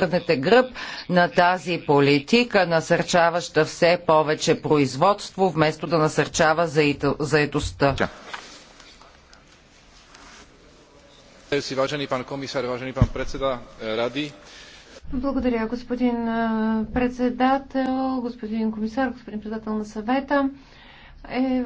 върнете гръб на тази политика, насърчаваща все повече производство, вместо да насърчава заедостта. Е, Благодаря, господин е, председател, господин комисар, господин председател на съвета. Е,